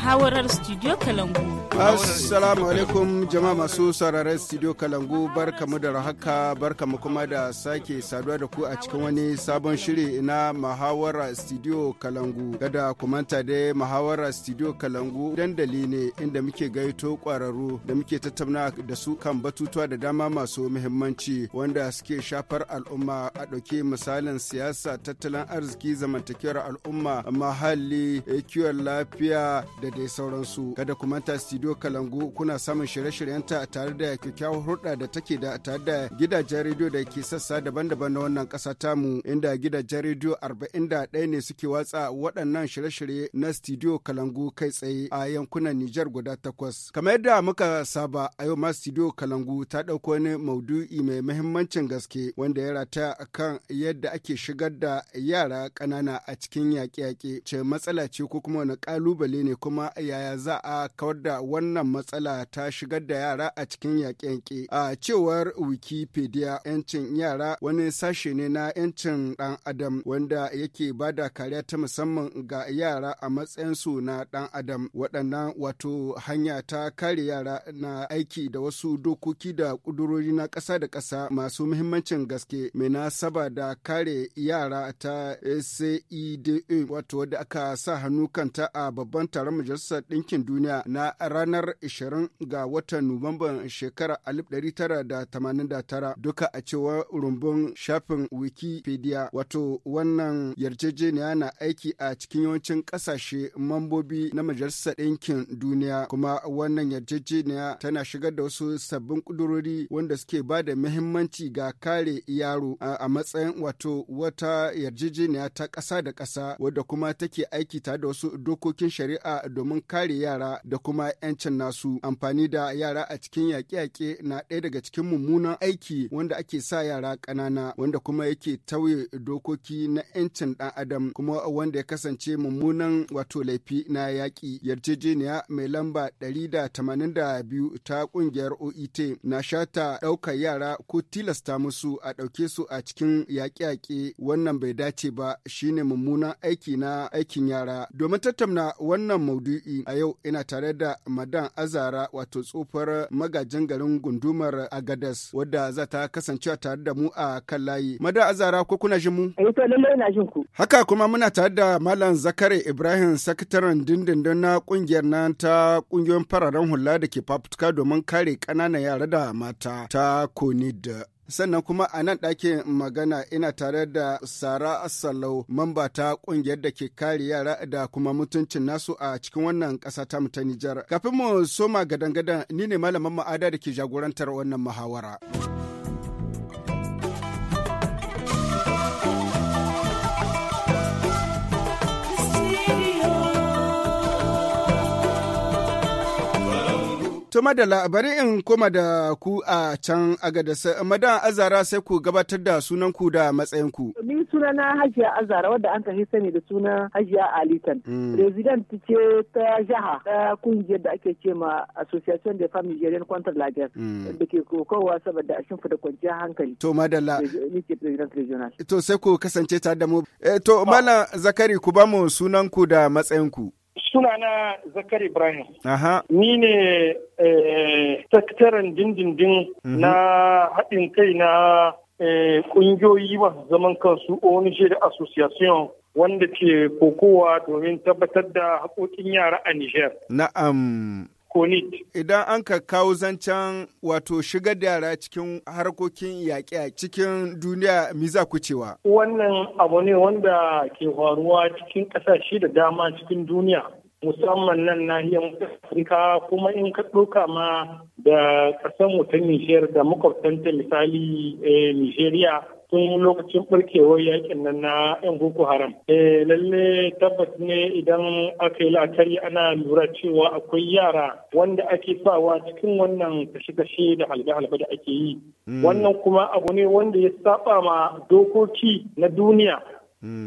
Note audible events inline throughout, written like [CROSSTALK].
muhawarar studio kalangu assalamu alaikum jama'a masu sauraron studio kalangu barkamu da rahaka barkamu kuma da sake saduwa da ku a cikin wani sabon shiri na muhawara studio kalangu gada kumanta da muhawara studio kalangu dandali ne inda muke gaito kwararru da muke tattauna da su kan batutuwa da dama masu muhimmanci wanda suke shafar al'umma a ɗauki misalin siyasa tattalin arziki zamantakewar al'umma muhalli kiwon lafiya da da dai sauransu. Kada ku ta studio Kalangu kuna samun shirye-shiryenta tare da kyakkyawar hulɗa da take da tare da gidajen rediyo da ke sassa daban-daban na wannan ƙasa tamu inda gidajen rediyo ɗaya ne suke watsa waɗannan shirye-shirye na studio Kalangu kai tsaye a yankunan Nijar guda takwas. Kamar yadda muka saba a yau ma studio Kalangu ta ɗauko wani maudu'i mai mahimmancin gaske wanda ya rata kan yadda ake shigar da yara ƙanana a cikin yaƙe-yaƙe ce matsala ce ko kuma wani ƙalubale ne kuma kuma yaya za a kawar da wannan matsala ta shigar da yara a cikin yaƙe-yaƙe. A cewar Wikipedia, 'yancin yara wani sashe ne na 'yancin ɗan adam wanda yake ba da kariya ta musamman ga yara a matsayinsu na ɗan adam. Waɗannan wato hanya ta kare yara na aiki da wasu dokoki da ƙudurori na ƙasa da ƙasa masu muhimmancin gaske mai na saba da kare yara ta SAIDA e e, wato wadda aka sa hannu kanta a babban taron Majalisar Ɗinkin Duniya na ranar 20 ga watan Nuwamban shekarar 1989 duka a cewar rumbun shafin Wikipedia wato wannan yarjejeniya na aiki a cikin yawancin ƙasashe mambobi na Majalisar Ɗinkin Duniya kuma wannan yarjejeniya tana shigar da wasu sabbin ƙudurori wanda suke ba da muhimmanci ga kare yaro a matsayin wato wata yarjejeniya ta ƙasa da ƙasa wadda kuma take aiki tare da wasu dokokin shari'a domin kare yara da kuma 'yancin nasu amfani da yara a cikin yaƙe-yaƙe na ɗaya daga cikin mummunan aiki wanda ake sa yara ƙanana wanda kuma yake tauye dokoki na 'yancin ɗan adam kuma wanda ya kasance mummunan wato laifi na yaƙi yarjejeniya mai lamba ɗari biyu ta ƙungiyar oit e na shata ɗaukar yara ko tilasta musu a ɗauke su a cikin yaƙe-yaƙe wannan bai dace ba shine mummunan aiki na aikin yara domin tattauna wannan maudu maudu'i a yau ina tare da madan azara wato tsofar magajin garin gundumar agadas wadda za ta kasance tare da mu a kan layi madan azara ko kuna jin mu eh lallai ina jin ku haka kuma muna tare da malam zakare ibrahim sakataren dindindin na kungiyar nan ta kungiyoyin fararen hula da ke fafutuka domin kare ƙananan yara da mata ta konid sannan kuma a nan ɗakin magana ina tare da sara salau mamba ta ƙungiyar da ke kare yara da kuma mutuncin nasu a cikin wannan ƙasa ta ta nijar kafin mu soma gadan-gadan ni ne malaman ma'ada da ke jagorantar wannan muhawara. To da bari in koma da ku a can agadas madan azara sai ku gabatar da sunan ku da matsayin ku. Ni sunana Hajiya Azara wadda an kai sani da suna Hajiya Alitan. Mm. President ce ta jaha ta kungiyar da ake cema, Association de Family Nigerian la Lager mm. da ke kokowa saboda a shimfida kwanciyar hankali. To madala. Ni ce President Regional. To sai ku kasance tare da mu. Eh, to Malam Zakari ku ba mu sunan ku da matsayin ku. Suna na zakar ibrahim ni ne eh, sakataren dindindin mhm. na haɗin kai na eh, ƙungiyoyi masu zaman kansu ONG da association wanda ke kokowa domin tabbatar da haƙoƙin yara a niger Na'am. konit. Idan an ka kawo zancen wato shigar da yara cikin harkokin yaƙi a cikin duniya mi za ku cewa. Wannan abu ne wanda ke faruwa cikin ƙasashe da dama cikin duniya. musamman nan nahiyar Afirka kuma in ka ɗauka ma da ƙasar mu ta Nijar da makwabtanta misali eh, Nijeriya tun lokacin barkewar yakin nan na yan boko haram eh lalle tabbas ne idan aka yi la'akari ana lura cewa akwai yara wanda ake sawa cikin wannan kashe-kashe da halbe-halbe da ake yi hmm. wannan kuma abu ne wanda ya saba ma dokoki na duniya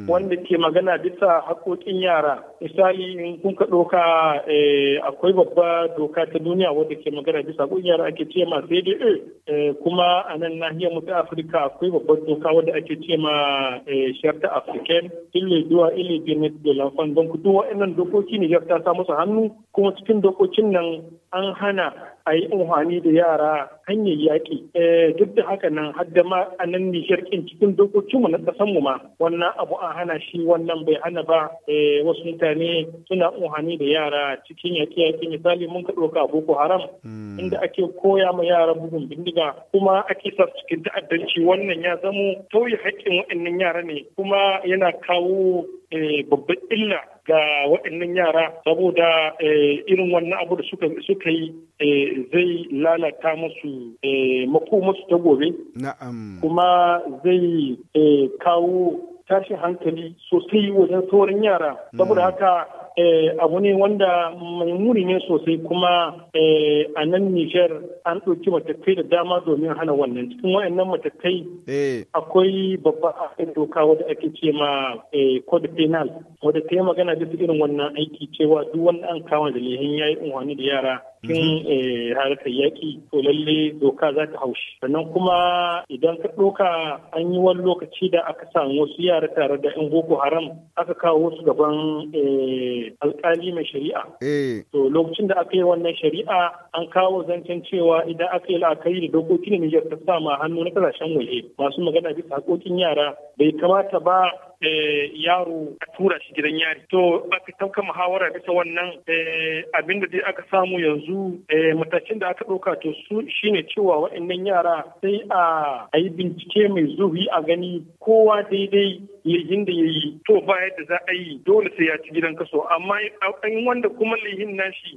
wanda ke magana bisa haƙoƙin yara misali in kun ka ɗoka eh, akwai babba doka ta duniya wadda ke magana bisa haƙoƙin yara ake ce ma cda eh, kuma a nan nahiyar mu ta afirka akwai babbar doka wadda ake ce ma eh, sharta african ille duwa ille birnin da lafan don ku duwa waɗannan dokoki ne ta sa musu hannu kuma cikin dokokin nan an hana a yi amfani da yara hanyar yaƙi eh, duk da haka nan har da ma a nan nishar cikin dokokinmu na ƙasanmu ma wannan abu an hana shi wannan bai hana ba eh, wasu mutane suna amfani da yara cikin yaƙi yaƙi misali mun ka ɗauka boko haram hmm. inda ake koya ma yara bugun bindiga kuma ake sa cikin ta'addanci wannan ya zamo tauye haƙƙin waɗannan yara ne kuma yana kawo eh, babban illa ga waɗannan yara saboda eh, irin wannan abu da suka yi eh, zai lalata musu eh, makomarsu ta gobe kuma zai kawo tashi hankali sosai wajen sauran yara saboda mm. haka Eh, abu ne wanda mai ne sosai kuma eh, a nan Nijar an ɗauki matakai da dama domin hana wannan cikin wayannan matakai eh. akwai babba a doka wadda ake ce ma code penal wadda ta yi magana bisa irin wannan aiki cewa duk wanda an kama da lehin ya yi unhwani da yara cikin mhm. harkar yaƙi to lalle doka za ta haushi sannan kuma idan ka ɗauka an yi wani lokaci da aka samu wasu yara tare da 'yan boko haram aka kawo su gaban alkali mai shari'a eh. to lokacin da aka yi wannan shari'a an kawo zancen cewa idan aka yi la'akari da dokokin da Nijar ta sa ma hannu na kasashen waje masu magana bisa haƙoƙin yara bai kamata ba Eh, yaro a tura shi gidan yari to aka tauka muhawara bisa wannan eh, abin da aka samu yanzu eh, matakin da aka ɗauka to su shine cewa waɗannan yara sai a yi bincike mai zuhi a gani kowa daidai lihin da ya yi to ba yadda za a yi dole sai ya ci gidan kaso amma an wanda kuma lihin nashi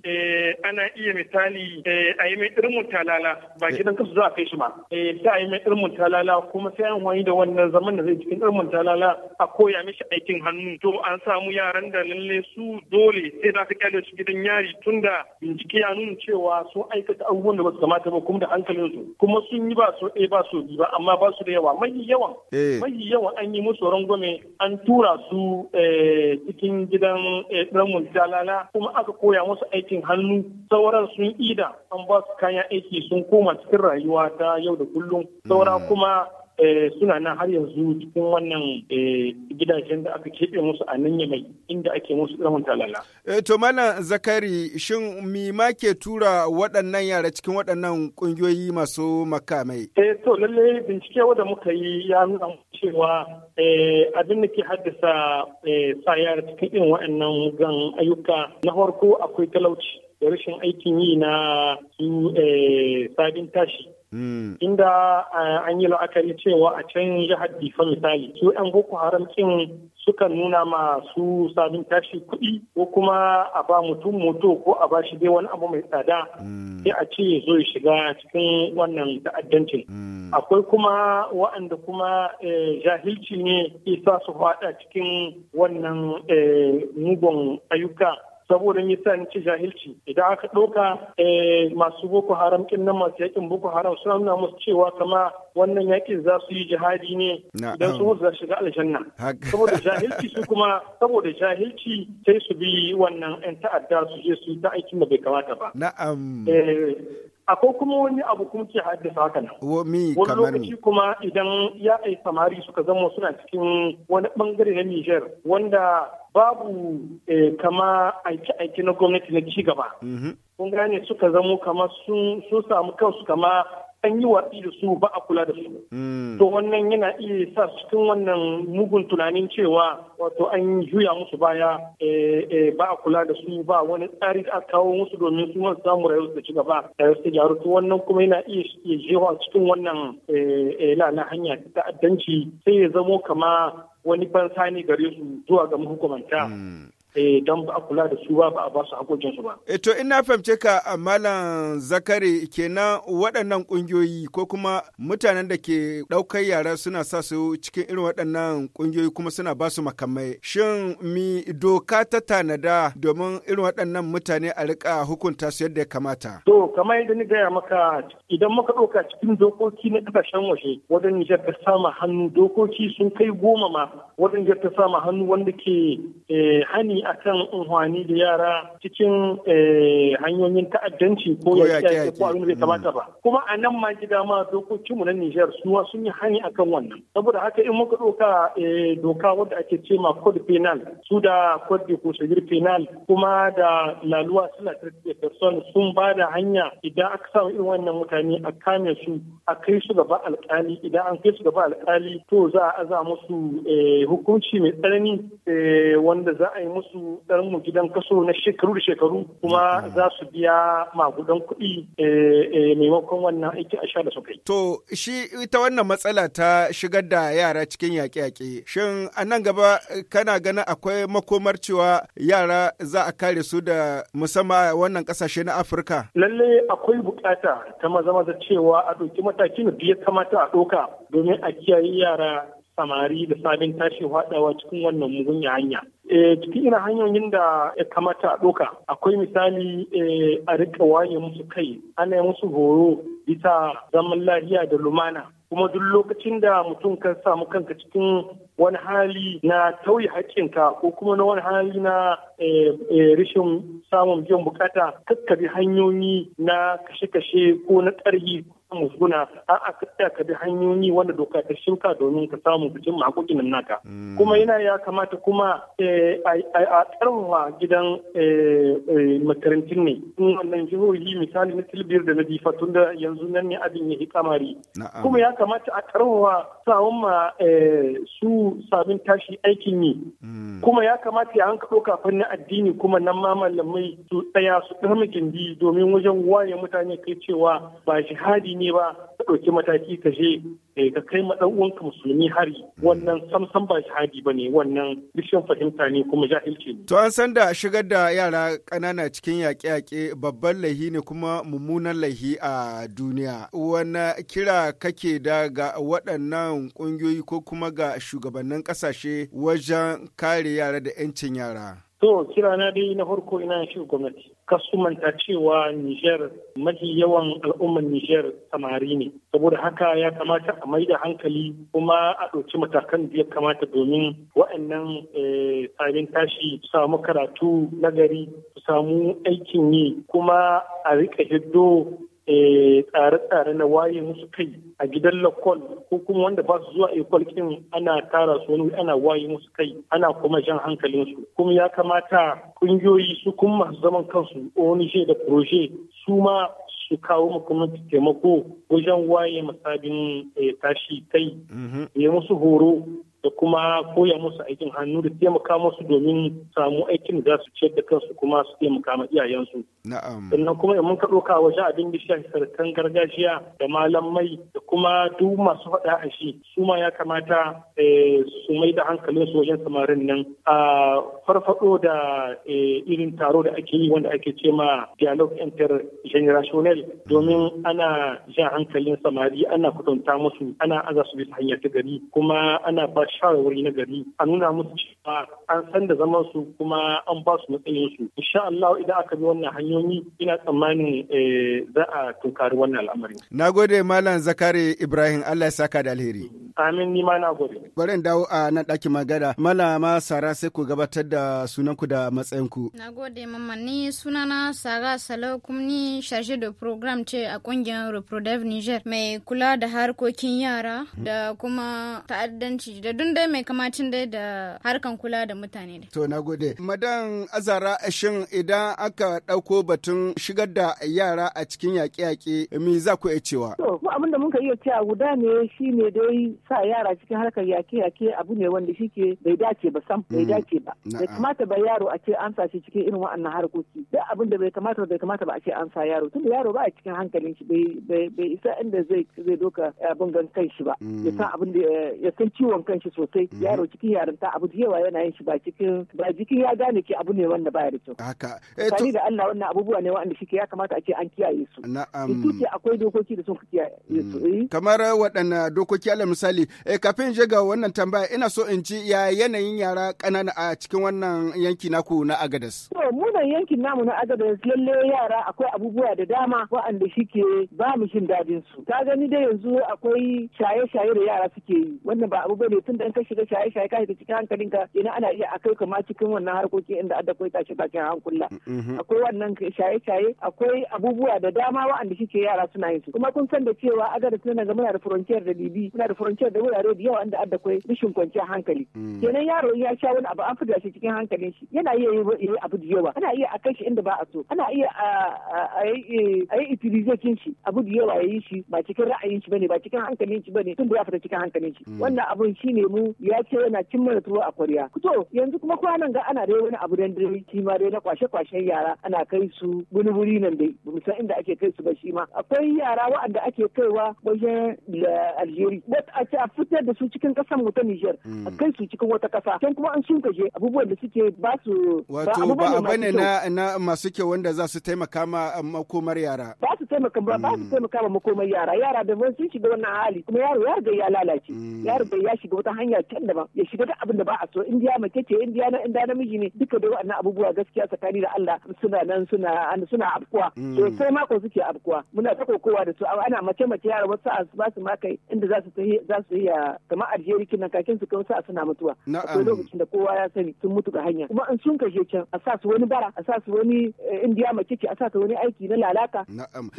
ana iya misali a yi mai irin mutalala ba gidan kaso za a kai shi ba. sai a yi mai irin mutalala kuma sai an wani da wannan zaman da zai cikin irin mutalala koya mishi aikin hannu to an samu yaran da lalle su dole sai za ka kyale su gidan yari tunda bincike ya nuna cewa sun aikata abubuwan da ba su kamata ba kuma da hankalin su kuma sun yi ba su ɗaya eh, ba su biyu ba amma ba su da yawa mai yawan eh. mai yawan an yi musu rangwame an tura su eh, cikin gidan ramun jalala kuma aka koya musu aikin hannu sauran sun ida an ba su kayan aiki sun koma cikin rayuwa ta yau da kullum saura hmm. kuma Eh, suna nan har yanzu cikin wannan eh, gidajen da aka keɓe musu a nan yamai inda ake musu irin talala. Eh, to mana zakari shin mi ma ke tura waɗannan yara cikin waɗannan ƙungiyoyi masu makamai? eh to lalle bincike wanda muka yi ya nuna cewa abin da ke haddasa sa yara cikin irin waɗannan gan ayyuka na farko akwai talauci da rashin aikin yi na su sabin tashi Mm. Inda an yi la'akari cewa a can jihar Difa misali, su 'yan Boko Haram kin suka nuna masu sabin tashi kuɗi ko kuma a ba mutum moto ko a ba shi dai wani abu mai tsada mm. sai a ce zo ya shiga cikin wannan ta'addancin mm. akwai kuma wa'anda kuma e, jahilci ne isa su faɗa cikin wannan e, mugun ayyuka saboda me jahilci idan aka ɗauka eh, masu boko haram ƙin nan masu yakin boko haram suna nuna musu cewa kama wannan yakin za su yi jihadi ne idan su za su shiga aljanna saboda [LAUGHS] jahilci su kuma saboda jahilci sai su bi wannan yan ta'adda su je su yi ta aikin da bai kamata ba na'am eh, akwai kuma wani abu kuma ke haddasa haka nan. Wani lokaci kuma idan ya samari suka zama suna cikin wani bangare na Nijar wanda babu eh, kama aiki-aiki na gwamnati na ci gaba. Mm-hmm. Kun gane suka zamo kama sun samu kansu kama an yi watsi da su ba a kula da su. Hmm. To wannan yana iya sa cikin wannan mugun tunanin cewa wato an juya musu baya eh, eh, ba a kula da su ba wani tsari da kawo musu domin su wani samu rayuwa da cigaba gaba su gyaru to wannan kuma yana iya jewa cikin wannan eh, lana hanya ta ta'addanci sai ya zamo kama wani fansa ne gare su zuwa ga mahukumanta. Hmm. eh don ba a kula da su ba ba a basu su hakokin su ba e to ina fahimce ka ah, malam zakari kenan waɗannan ƙungiyoyi ko kuma mutanen da ke ɗaukar yara suna sa su cikin irin waɗannan ƙungiyoyi kuma suna ba su makamai shin mi doka ta tanada domin irin waɗannan mutane a rika hukunta su yadda ya kamata to kamar yadda ni gaya maka idan muka ɗauka cikin dokoki na ƙasashen waje wajen Nijar ta sama hannu dokoki sun kai goma ma wajen Nijar ta sama hannu wanda ke eh, hani akan unhwani da yara cikin eh, hanyoyin ta'addanci ko ya ke ko abin da bai kamata ba mm. kuma a nan ma gida ma dokokinmu na Nijar su sun yi hani akan wannan saboda haka in muka doka eh, doka wadda ake ce ma code penal su da code de shagir penal kuma da laluwa suna tarbiyyar person sun ba da hanya idan aka samu irin wannan mutane a kame su a kai su gaba alkali idan an kai su gaba alkali to za a aza musu eh, hukunci mai tsanani wanda za a yi musu su ɗan mu gidan kaso na shekaru da shekaru kuma za su biya magudan kuɗi eh, eh, maimakon wannan aiki a sha da suka To shi ita wannan matsala ta shigar da yara cikin yaƙe-yaƙe shin a nan gaba eh, kana ganin akwai makomar cewa yara za a kare su da musamman wannan ƙasashe na Afirka? lallai akwai bukata ta maza maza cewa a ɗauki matakin da ya kamata a ɗauka domin a kiyaye yara samari da sabin tashi haɗawa cikin wannan mugunya hanya. E, cikin irin hanyoyin da ya kamata a ɗoka akwai misali eh, a riƙa waye musu kai ana musu horo bisa zaman lafiya da lumana kuma duk lokacin da mutum ka samu kanka cikin wani hali na tauye haƙƙinka ko kuma na wani hali na eh, rashin samun biyan bukata kakkabi hanyoyi na kashe-kashe ko na ƙarhi musguna a a ka bi hanyoyi wanda doka ta shimka domin ka samu bikin haƙoƙin nan naka mm. kuma yana ya kamata kuma eh, a tsarwa gidan eh, eh, makarantun ne in wannan jihohi misali na tilbir da na jifa tun da yanzu nan ne abin ya yi kamari kuma ya kamata a tsarwa sawun ma su sabin tashi aikin yi mm. kuma ya kamata ya an kaɗo kafin na addini kuma nan ma malamai su tsaya su ɗarmi domin wajen waye mutane kai cewa ba hadi ne ba ka ɗauki mataki ka je eh, ka kai ma uwanka musulmi hari wannan samsam ba shahadi ba ne wannan rishin fahimta ne kuma jahilci ne. To an san da shigar da yara ƙanana cikin yaƙe-yaƙe babban laihi ne kuma mummunan laihi a duniya. Wani kira kake da ga waɗannan ƙungiyoyi ko kuma ga shugabannin ƙasashe wajen kare yara da 'yancin yara? To na dai na farko ina shi gwamnati. kasumanta cewa Nijar mafi yawan al'ummar Nijar samari ne. Saboda haka ya kamata a mai da hankali kuma a ɗauki matakan da ya kamata domin wa'annan eh, tsarin tashi su samu karatu nagari su samu aikin yi kuma a riƙa hiddo Eh, tsare-tsare na waye musu kai a gidan lakol ko kuma wanda ba su zuwa ikol kin ana tara su wani ana waye musu kai ana kuma jan su kuma ya kamata kungiyoyi su kuma masu zaman kansu onishe da proje su ma su kawo mu kuma taimako wajen waye masabin eh, tashi kai mm-hmm. ya musu horo da kuma koya musu aikin hannu da taimaka musu domin samu aikin da su ciyar da kansu kuma su taimaka ma iyayensu. Sannan kuma in mun ka ɗauka wajen abin da shafi sarkan gargajiya da malamai da kuma duk masu faɗa a shi su ma ya kamata eh, su mai da hankalin su wajen samarin nan a farfaɗo da eh, irin taro da ake yi wanda ake ce ma dialogue intergenerational domin ana jan hankalin samari ana kwatanta musu ana aza su bisa hanyar ta gari kuma ana ba shawarwari na gari a nuna musu cewa an san da zaman su kuma an ba su matsayin su insha Allah idan aka bi wannan hanyoyi ina tsammanin eh, za a tunkari wannan al'amari nagode malam zakari ibrahim Allah ya saka da alheri amin ni ma nagode bari in dawo a nan daki magana malama sara sai ku gabatar da sunanku da matsayinku nagode mama ni sunana sara salo kuma ni charge de program ce a kungiyar reprodev niger mai kula da harkokin yara da kuma ta'addanci da tun dai mai kamacin dai da harkan kula da mutane ne. To na gode. Madan Azara shin idan aka ɗauko batun shigar da yara a cikin yaƙe-yaƙe me za ku iya cewa? To mu abin da muka iya cewa guda ne shi ne dai sa yara cikin harkar yaƙe-yaƙe abu ne wanda shike bai dace ba sam bai mm. dace ba. Bai kamata ba yaro a ce an sa shi cikin irin wa'annan harkoki. Duk abin da bai kamata bai kamata ba a ce an sa yaro tunda yaro ba a cikin hankalin shi bai isa inda zai zai doka abin eh, gan kan shi ba. Mm. Ya san abin da eh, ya san ciwon kan shi sosai mhm. yaro cikin yarinta abu da yawa yana yin shi ba cikin ba jikin ya gane ki abu ne wanda baya da kyau haka eh to da Allah wannan abubuwa ne wanda shike ya kamata a ce an kiyaye su na'am su ce akwai dokoki da sun kiyaye su mm. eh. kamar waɗannan dokoki alal misali eh kafin je ga wannan tambaya ina so in ci ya yanayin yara kanana a cikin wannan yanki naku na Agadas to mu nan yankin namu na Agadas lalle yara akwai abubuwa da dama waɗanda shike ba mu jin dadin su ka gani dai yanzu akwai shaye-shaye da yara suke yi wannan ba abu bane tun tun da ka shiga shaye shaye ka shiga cikin hankalin ka ina ana iya akai ka ma cikin wannan harkoki inda adda kai shiga cikin hankula mm-hmm. akwai wannan shaye shaye akwai abubuwa da dama wa'anda shike yara suna yin su kuma kun san da cewa a agadas na ga muna da frontier da bibi muna da frontier da wurare da yawa inda adda kai rashin kwanciyar hankali mm. kenan yaro ya sha wani abu an fita shi cikin hankalin shi yana iya yi abu da yawa ana iya akai shi inda ba a so ana iya a yi utilization shi abu da yawa ya yi shi ba cikin ra'ayin shi bane ba cikin hankalin shi bane tun da ya fita cikin hankalin shi mm. wannan abun shine lemu ya ce yana cin mana tuwo a kwarya to yanzu kuma kwanan ga ana dai wani abu dan shi ma dai na kwashe kwashen yara ana kai su wani wuri nan dai ba inda ake kai su ba shi ma akwai yara waɗanda ake kaiwa wajen Algeria wata a ce a fitar da su cikin ƙasar mu ta Niger a hmm. kai su cikin wata ƙasa can kuma an sun gaje abubuwan da suke ba su wato ba bane na masu kyau wanda za su taimaka ma makomar yara ba su taimaka ba ba su mm. taimaka ba makomai yara yara da ban sun shiga wannan hali kuma yaro ya riga ya lalace mm. ya riga ya shiga wata hanya can da ba ya shiga da abin da ba a so indiya mace ce indiya na inda namiji ne duka da wannan abubuwa gaskiya tsakani da Allah suna nan suna suna afkuwa mm. sosai mako suke abkuwa muna ta kokowa da su ana mace mace yara wasu a ba su makai inda za su za su iya kamar aljeri kinan kakin su su suna mutuwa akwai lokacin da kowa ya sani sun mutu ga hanya kuma an sun kashe can a sa su wani bara a sa su wani eh, indiya mace ce a sa ta wani aiki na lalaka.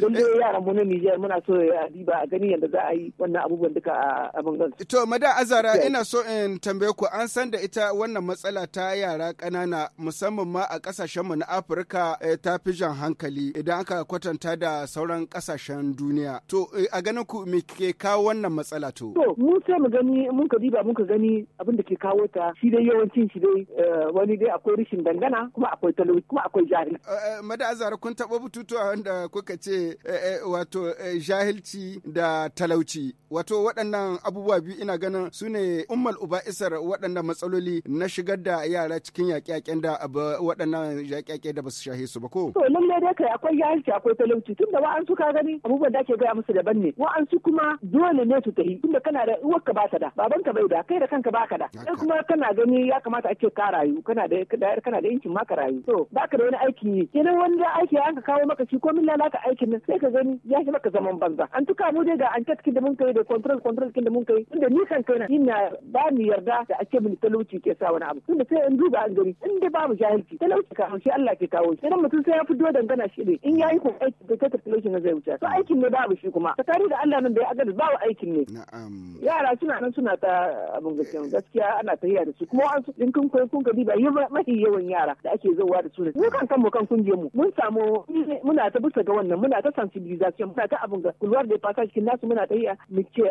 don mu yaran mu na Nijar muna so ya diba a gani yadda za a yi wannan abubuwan duka a abin gan. To madan Azara ina so in tambaye ku an san da ita wannan matsala ta yara ƙanana musamman ma a ƙasashen mu na Afirka eh, ta fi jan hankali idan aka kwatanta da sauran ƙasashen duniya. To eh, a ganin ku me ke kawo wannan matsala to? To mun sai mu gani mun ka diba mun ka gani abin da ke kawo ta shi dai yawancin shi dai eh, wani dai akwai rashin dangana kuma akwai talauci kuma akwai jahilci. Madan Azara kun taɓa a wanda kuka ce Eh, eh, wato eh, jahilci da talauci wato waɗannan abubuwa biyu ina ganin su ne ummal uba isar waɗannan matsaloli na shigar da yara cikin yaƙe-yaƙen da waɗannan yaƙe-yaƙe da ba su shahe su ba ko. to lalle dai kai akwai jahilci akwai talauci tun da wa'ansu ka gani abubuwan da ake gaya musu daban ne wa'ansu kuma dole ne su tafi tun da kana da ka ba ta da baban ka bai da kai da kanka ba ka da sai kuma kana gani ya kamata ake ka rayu kana da kana da yankin ma ka rayu to ba ka da wani aiki kenan wani aiki an ka kawo maka shi ko min lalaka aikin nan sai ka gani ya shi maka zaman banza an tuka mu dai ga an tatkin da mun kai da control control kin da mun kai inda ni kan kai ina ba ni yarda da ake mini talauci ke sa wani abu tunda sai in duba an gani in dai babu jahilci talauci ka shi Allah ke kawo shi idan mutum sai ya fito dangana shi ne in yayi ko aiki da ta talauci na zai wuce to aikin ne babu shi kuma tsakani da Allah nan da ya agada babu aikin ne yara suna nan suna ta abin gaskiya gaskiya ana tafiya da su kuma an su din kun kai kun gadi ba yi mafi yawan yara da ake zuwa da su ne mu kan kan mu kan kun je mu mun samu muna ta bisa ga wannan muna ta ta sensibilisation muna ta abin ga kulwar da fata cikin nasu muna ta mu ce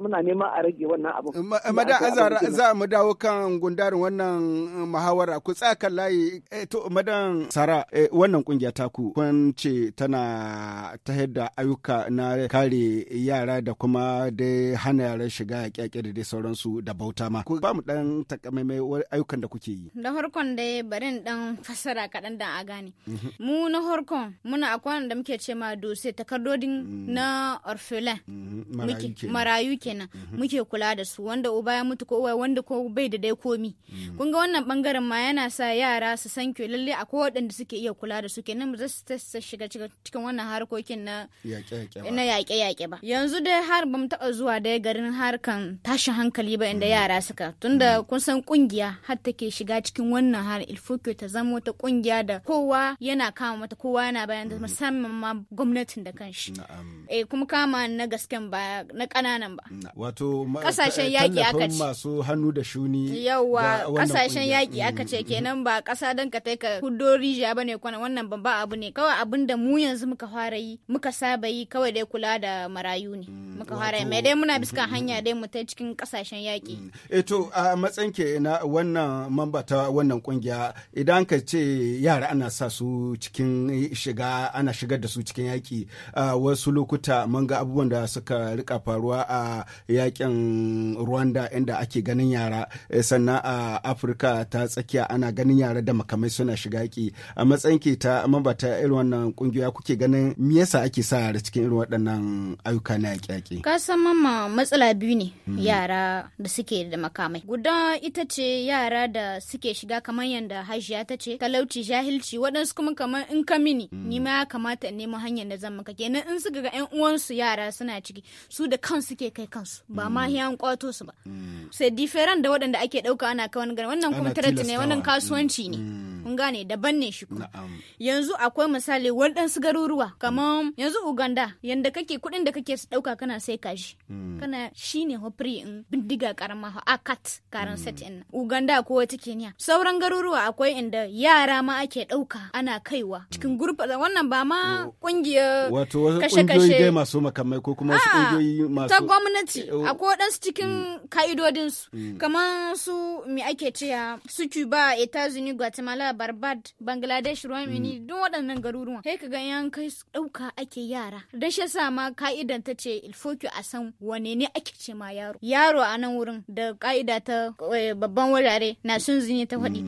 muna nema a rage wannan abin. Eh, madan Azara za mu dawo kan gundarin wannan eh, muhawara ku tsakan layi eh, to madan Sara wannan kungiya ku kun ce tana ta yadda ayyuka na kare yara da kuma dai hana yara shiga yaƙe-yaƙe da dai sauransu da bauta ma. Ku ba mu dan takamaimai ayyukan da kuke yi. Da farkon dai bari dan ɗan fassara kaɗan da a gane. Mhm. Mu na farkon muna akwai wanda muke ce ma dose takardodin mm. na orphelin mm, marayu kenan mm-hmm. muke kula da su wanda uba ya mutu ko uwa wanda ko bai da dai komi mm. kun ga wannan bangaren ma yana sa yara su san ke lalle akwai waɗanda suke iya kula da su kenan ba za su shiga cikin wannan harkokin na yaƙe-yaƙe ba yanzu dai har bamu taɓa zuwa dai garin harkan tashin hankali ba inda yara suka tunda kun san kungiya har take shiga cikin wannan har ilfokyo ta zama wata kungiya da kowa yana kama mata kowa yana bayan musamman ma gwamnati gwamnatin da kanshi eh kuma kama na gasken ba na kananan ba wato kasashen eh, yaki aka ce masu hannu da shuni Yawwa kasashen yaki aka ce mm. kenan ba kasa don ka tai ka huddo rijiya ne kwana wannan ba abu ne kawai abin da mu yanzu muka fara yi muka saba yi kawai dai kula da marayu ne mm, muka fara yi mai dai muna [LAUGHS] biskan hanya dai mu ta cikin kasashen yaki mm. eh to a matsayin ke na wannan mamba ta wannan kungiya idan ka ce yara ana sa su cikin eh, shiga ana shigar da su cikin yaki yaki a wasu lokuta mun ga abubuwan da suka rika faruwa a yakin Rwanda inda ake ganin yara eh, sannan a Afirka ta tsakiya ana ganin yara da makamai suna shiga yaki a matsayin ke ta mabata irin wannan kungiya kuke ganin me yasa ake sa yara cikin irin waɗannan ayyuka na yaki yaki Ka san mama matsala biyu ne hmm. yara da suke da makamai. Guda ita ce yara da suke shiga kamar yadda hajiya ta ce talauci jahilci waɗansu kuma kamar in ka mini hmm. ni ma ya kamata in nemi hanyar da zan maka kenan in suka ga yan uwansu yara suna ciki su da kansu ke kai kansu ba ma hiyan kwato su ba mm. sai diferan da waɗanda ake ɗauka ana kai wani wannan kuma tarati ne wannan kasuwanci ne mm. kun gane daban ne shi kuma yanzu akwai misali waɗansu garuruwa kamar yanzu uganda yanda kake kuɗin da kake su ɗauka kana sai kashi mm. kana shine hopri in bindiga karama a kat karan set in uganda ko wata kenya sauran garuruwa akwai inda yara ma ake ɗauka ana kaiwa cikin gurfa wannan ba ma oh. ƙungiyar Eh, wato ko kuma ah, ta gwamnati eh, oh. akwai cikin mm. ka'idodin su mm. kamar su ake cewa su Cuba Estados Unidos Guatemala Bangladesh Ruwan mm. duk waɗannan garuruwan sai ga yan kai ɗauka ake yara da shi ma ka'idan ta ce ilfoki a san wane ne ake ce ma yaro yaro a nan da ka'ida ta eh, babban wurare na sun zini ta faɗi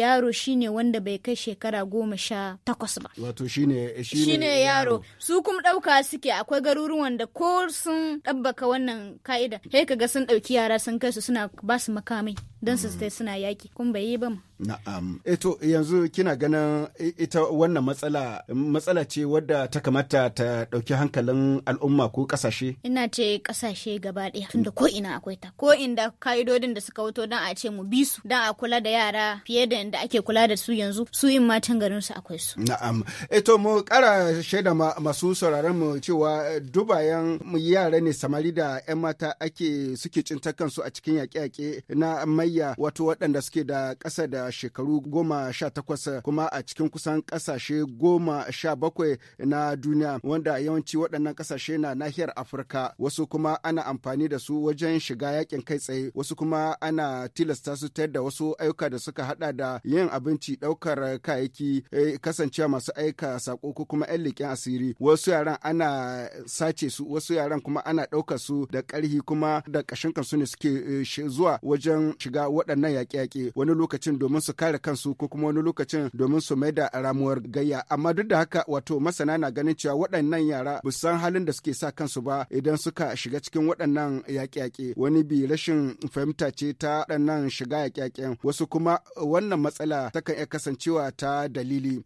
yaro shine wanda bai kai shekara goma sha takwas ba wato shine shine yaro su kuma ɗauka suke akwai garuruwan da ko sun ɗabbaka wannan ka'ida sai ga sun ɗauki yara sun kai su suna ba su makamai don su mm. suna yaki kuma bai yi ba Na'am. Eto eh, yanzu kina ganin ita wannan matsala matsala ce wadda ta kamata ta ɗauki hankalin al'umma ko ƙasashe? Ina ce ƙasashe gaba ɗaya tunda ko ina akwai ta. Ko inda ka'idodin da suka wuto don a ce mu bi su don a kula da yara fiye da inda ake kula da su yanzu su in ma can garin su akwai su. Na'am. Eto eh, mu kara shaida masu sauraron mu cewa eh, dubayan yara ne samari da 'yan mata ake suke cin a cikin yaƙe-yaƙe na mayya wato waɗanda suke da ƙasa da A shekaru goma sha takwas kuma a cikin kusan ƙasashe goma sha bakwai na duniya wanda yawanci waɗannan ƙasashe na nahiyar Afirka wasu kuma ana amfani da su wajen shiga yakin kai tsaye wasu kuma ana tilasta su ta da wasu ayyuka da suka hada da yin abinci ɗaukar kayayyaki e, kasancewa masu aika sako ko kuma 'yan leƙen asiri wasu yaran ana sace su wasu yaran kuma ana ɗaukar su da ƙarhi kuma da ƙashin kansu ne suke e, zuwa wajen shiga waɗannan yaƙe-yaƙe wani lokacin domin domin su kare kansu ko kuma wani lokacin domin su mai da ramuwar gayya amma duk da haka wato masana na ganin cewa waɗannan yara ba san halin da suke sa kansu ba idan suka shiga cikin waɗannan yaƙe-yaƙe wani bi rashin fahimta ce ta waɗannan shiga yaƙe-yaƙen wasu kuma wannan matsala takan iya kasancewa ta dalili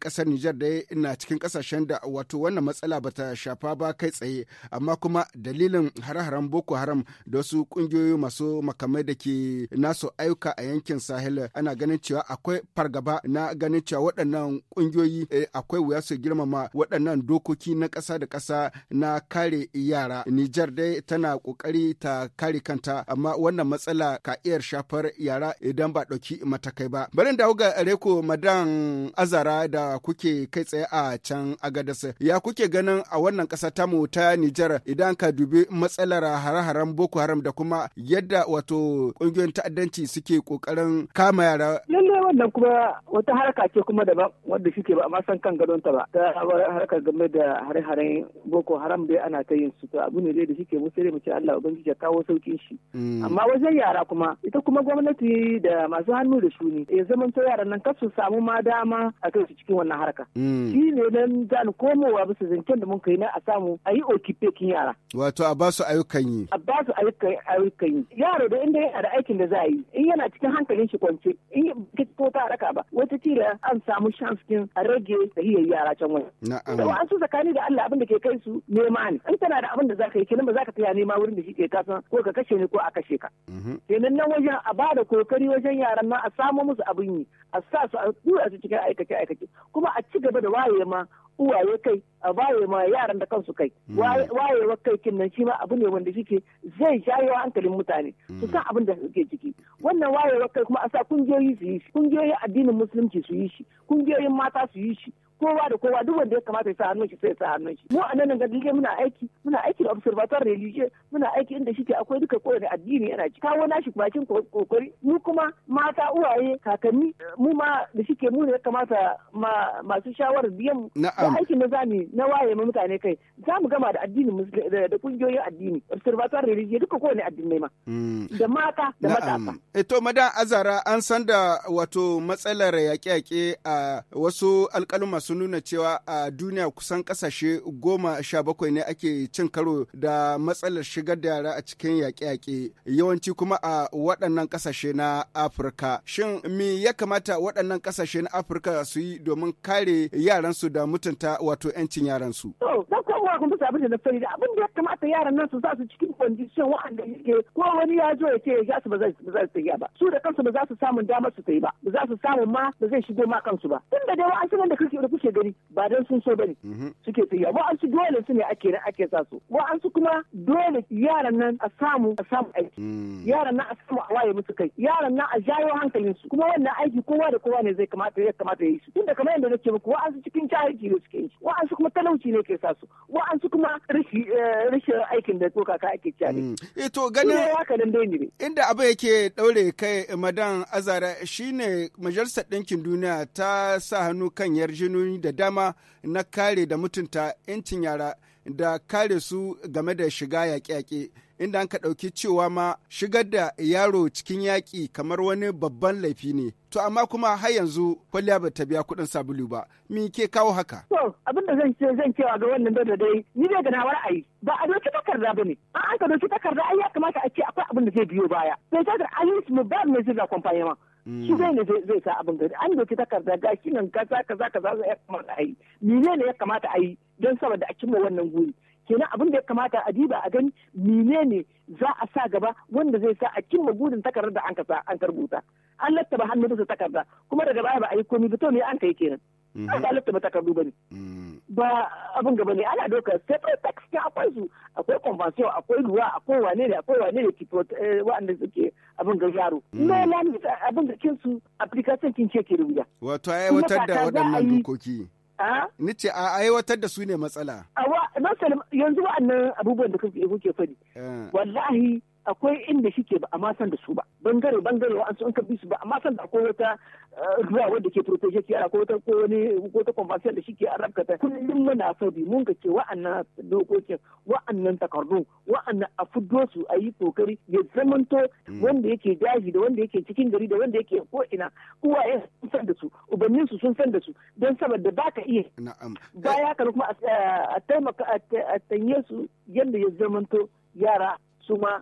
ƙasar Nijar dai na cikin ƙasashen da wato wannan matsala ba ta shafa ba kai tsaye amma kuma dalilin hare-haren Boko Haram da wasu ƙungiyoyi masu makamai da ke nasu ayyuka a yankin Sahel ana ana ganin cewa akwai fargaba na ganin cewa waɗannan ƙungiyoyi eh, akwai wuya su girmama waɗannan dokoki na ƙasa da ƙasa na kare yara. Nijar dai tana ƙoƙari ta kare kanta amma wannan matsala ka iya shafar yara idan ba ɗauki matakai ba. Barin dawo ga Reko Madan Azara da kuke kai tsaye a can Agadas. Ya kuke ganin a wannan ƙasa mu ta Nijar idan ka dubi matsalar hare-haren Boko Haram da kuma yadda wato ƙungiyoyin ta'addanci suke ƙoƙarin kama yara lalle wannan kuma wata haraka ce kuma daban wanda shi ke ba a san kan gadon ta ba ta haraka game da hare-haren boko haram dai ana ta yin su to abu ne da shi ke mu sai mu ce Allah ubangiji ya kawo saukin shi mm. amma wajen yara kuma ita kuma gwamnati da masu hannu da suni. ya zama to yaran nan kasu samu ma dama a kai su cikin wannan haraka. Mm. shi ne nan zan komowa bisa zancen da mun kai na a samu a yi okipekin yara wato a ba su ayyukan yi a ba su ayyukan yi yaro da inda a da aikin da za a yi in yana cikin hankalin shi kwance yi ko ta raka ba wata tira an samu chance a rage sahiyar yara can wani da su tsakani da Allah abin da ke kai su nema ne in tana da abin da zaka yi kenan ba ka taya nema wurin da shi ke kasan ko ka kashe ni ko a kashe ka mhm. kenan nan wajen a ba da kokari wajen yaran nan a samo musu abin yi a sa su a tura su cikin aikace aikace kuma a ci gaba da waye ma uwaye kai a baye ma yaran da kansu kai hmm. wa kai kin nan shi ma abu ne wanda shike zai jayo hankalin mutane su san abin da suke ciki wannan wa kai kuma a sa kungiyoyi su yi shi kungiyoyin addinin musulunci su yi shi kungiyoyin mata su yi shi kowa da kowa duk wanda ya kamata ya sa hannun shi sai ya sa hannun shi mu a nan ga lige muna aiki muna aiki da observatoire religieux muna aiki inda shi ke akwai duka kowane addini yana ci kawo nashi bakin kokari mu kuma mata uwaye kakanni mu ma da shi ke mu ne ya kamata masu shawarar biyan mu aiki na zami na waye ma mutane kai za mu gama da addini da kungiyoyin addini observatoire religieux duka kowane addinai ma hmm. da mata da matasa eto eh, madan azara an san da wato matsalar yaƙe-yaƙe a wasu alƙaluma sun nuna cewa a duniya kusan kasashe goma sha bakwai ne ake cin karo da matsalar shigar da yara a cikin yaƙe-yaƙe yawanci kuma a waɗannan kasashe na afirka shin me ya kamata waɗannan kasashe na afirka su yi domin kare yaransu da mutunta wato 'yancin yaransu. kowa kun abin da na fari da abin da ya kamata yaran nan su za su cikin condition wa'anda yake ko wani ya zo ya ce ya su ba za su tafiya ba su da kansu ba za su samu damar su tafi ba ba za su samu ma ba zai shigo ma kansu ba tun da dai wa'ansu nan da kake da suke gani ba dan sun so bane mhm. suke tsiya wa su dole su ne ake nan ake sa su wa su kuma dole yaran nan a samu a samu aiki mm. yaran nan a samu a waye musu kai yaran nan a jayo hankalin su kuma wannan aiki kowa da kowa ne zai kamata ya kamata ya yi su tunda kamar yadda nake muku wa su cikin jahilci ne suke yi wa su kuma talauci ne ke sa su wa'ansu su kuma rashin eh, rashin aikin da ko ka ake cewa ne mm. eh to ganin haka dai ne inda abu yake daure kai madan azara shine majalisar ɗinkin duniya ta sa hannu kan yarjinu hanyoyi da dama na kare da mutunta 'yancin yara da kare su game da shiga yaƙe-yaƙe inda an ka ɗauki cewa ma shigar da yaro cikin yaƙi kamar wani babban laifi ne to amma kuma har yanzu kwalliya ba ta biya kuɗin sabulu ba me ke kawo haka to abin da zan ce zan cewa ga wannan da dai ni dai ga nawar ra'ayi ba a doki takarda bane an an ka doki takarda ai ya kamata a ce akwai abin da zai biyo baya sai ta da ayyuka mu ba mu zai da kwamfani ma shi zai ne zai sa abin gari an doki takarda ga shi nan za ka za ya kamata a yi mine ne ya kamata a yi don saboda a cimma wannan guri kenan abin da ya kamata a diba a gani mine ne za a sa gaba wanda zai sa a cimma gurin takardar da an ka an karbuta an lattaba hannu su takarda kuma daga baya ba a yi komi ba to ne an kai kenan Mhm. ba alifta ba takardu ba ne mm. ba abin gaba ne ana doka separate tax ta akwai su akwai convention akwai luwa akwai wane ne akwai wane ne tipo eh, wa'anda suke abin ga yaro mm. na lamis abin da kin su application kin ce ke wuya. wato a watar da waɗannan dokoki ni ce a aiwatar da su ne matsala yanzu wa'annan abubuwan da kuke fadi eh. wallahi akwai inda shike ba ma san da su ba bangare bangare wa an su ka ka su ba ma san da akwai wata eh, ruwa wadda ke protege ki akwai wata ko wani ko ta convention da shike an rabkata kullum muna so bi mun ga ce wa'annan dokokin wa'annan takardun wa'annan a fuddo su a yi kokari ya zamanto hmm. wanda yake daji da wanda yake cikin gari da wanda yake ko ina uwaye sun san da su ubannin su sun san da su don saboda ba ka iya baya ka kuma a taimaka a tanye su yadda ya zamanto yara su ma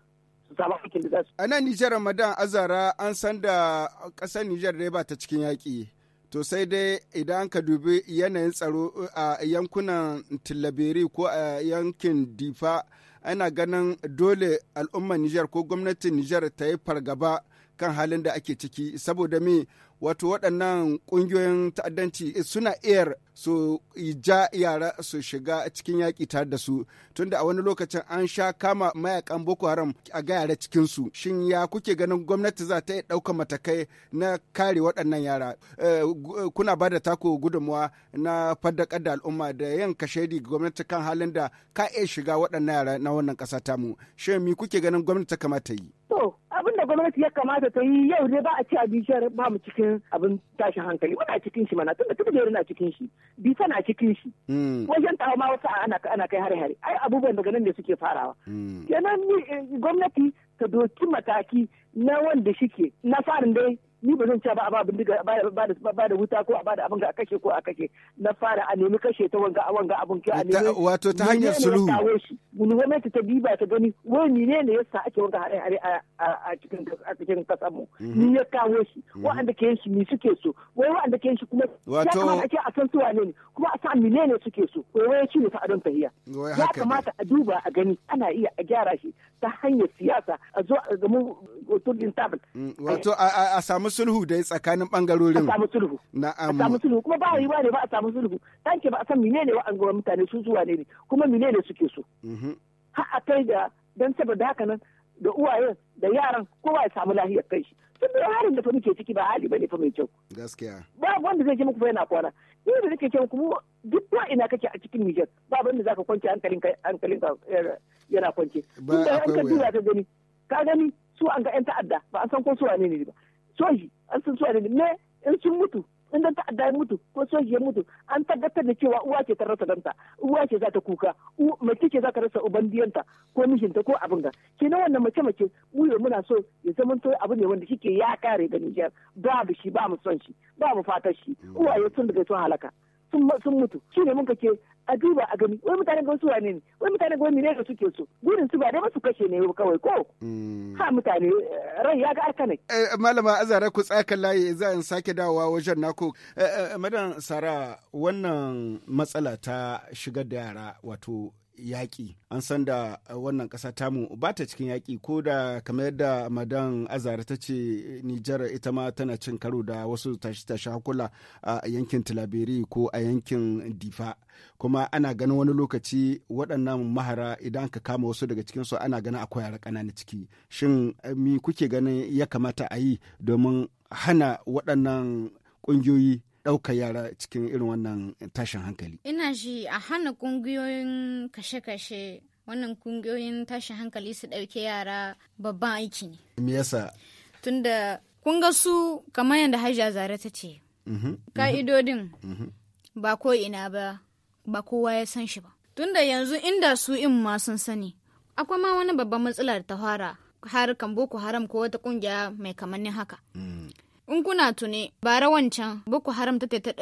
su samu Nijar Ramadan Azara an san da ƙasar Nijar dai ba ta cikin yaƙi. To sai dai idan ka dubi yanayin tsaro a yankunan Tillaberi ko a yankin Difa ana ganin dole al'ummar Nijar ko gwamnatin Nijar ta yi fargaba kan halin da ake ciki saboda me wato waɗannan ƙungiyoyin ta'addanci eh, suna iya su ja yara su shiga cikin yaƙi tare da su tunda a wani lokacin an sha kama mayakan boko haram a ga yara cikinsu shin ya kuke ganin gwamnati za ta iya ɗaukar matakai na kare waɗannan yara eh, eh, kuna ba da tako gudunmuwa na faddakar da al'umma da yin kashedi gwamnati kan halin da ka iya shiga waɗannan yara na wannan ƙasa tamu shin mi kuke ganin gwamnati ta kamata yi. gwamnati ya kamata ta yi yau ne ba a ci a bishiyar ba mu cikin abin tashin hankali muna cikin shi mana tunda da na cikin shi bisa na cikin shi hmm. wajen tawo ma wasu ana ana kai hare hare ai abubuwan daga nan ne suke farawa hmm. kenan eh, gwamnati ta doki mataki na wanda shike na farin dai ni ba zan ci ba a ba bindiga ba da wuta ko a ba da abin ga a kashe ko a kashe na fara a nemi kashe ta wanga a wanga abin ke a nemi wato ta hanyar mun wani gwamnati ta biba ta gani ni ne ne yasa ake wanga hare hare a cikin a cikin kasar mu mhm. ni ya kawo shi mhm. wa'anda ke shi ni suke so wai wa'anda ke shi kuma ya kamata ake a san su ne kuma a san ne ne suke so wai wai shi ne ta adon tahiya ya kamata a duba a gani ana iya a gyara shi ta hanyar siyasa a zo a gamu turgin tabin mm, wato a samu samu sulhu dai tsakanin bangarorin. A samu sulhu. Na'am. A samu sulhu kuma ba yiwa ne ba a samu sulhu. Tanke ba a san menene wa an mutane su zuwa ne kuma menene suke so. Mhm. Ha a kai da dan saboda haka nan da uwaye da yaran kowa ya samu lahiyar kai shi. Tun da harin da fa muke ciki ba hali bane fa mai kyau. Gaskiya. Ba wanda zai ce muku fa yana kwana. Ni da nake kyau kuma duk da ina kake a cikin Niger ba wanda zaka kwance hankalin kai hankalin ka eh, yana kwance. Ba akwai wuya. Ka gani su an ga 'yan ta'adda ba an san ko su wane ne ba soji an san soji ne me in sun mutu in dan ta'adda ya mutu ko soji ya mutu an tabbatar da cewa uwa ce ta rasa danta uwa ce za ta kuka mace ce za ta rasa ubandiyanta ko mijinta ko abin da kenan wannan mace mace mu yau muna so ya zama to abu ne wanda shike ya kare ga Nijar babu shi ba mu son shi ba mu fatar shi uwaye sun daga sun halaka sun mutu shi ne muka ke a duba a gani wai mutane ga wasu wane ne wai mutane ga ne da suke so gurin su ba dai su kashe ne kawai ko mm. ha mutane rai ya ga arkane eh, malama azara ku tsaka layi za in sake dawowa wajen nako eh, eh, madan sara wannan matsala ta shigar da yara wato yaƙi an san da uh, wannan ƙasa tamu ba ta cikin yaƙi ko da kamar yadda madan azara ta ce nijar ita ma tana cin karo da wasu tashe-tashe hakula a yankin tilaberi ko a yankin difa kuma ana ganin wani lokaci waɗannan mahara idan ka kama wasu daga cikinsu ana ganin akwai yara ƙanana ciki shin uh, mi kuke ganin ya kamata a yi domin hana waɗannan ƙungiyoyi ɗauka yara cikin irin wannan tashin hankali? Ina shi a hana ƙungiyoyin kashe-kashe wannan ƙungiyoyin tashin hankali su ɗauke yara babban aiki ne. Me yasa? Tunda kun ga su kamar yadda Hajiya Zare ta ce. Ka'idodin mhm, mhm. mhm. ba ko ina ba ba kowa ya san shi ba. Tunda yanzu inda su in ma sun sani. Akwai ma wani babban matsala da ta fara harkan Boko Haram ko wata ƙungiya mai kamannin haka. Mm. In kuna tuni bara wancan Boko Haram ta ta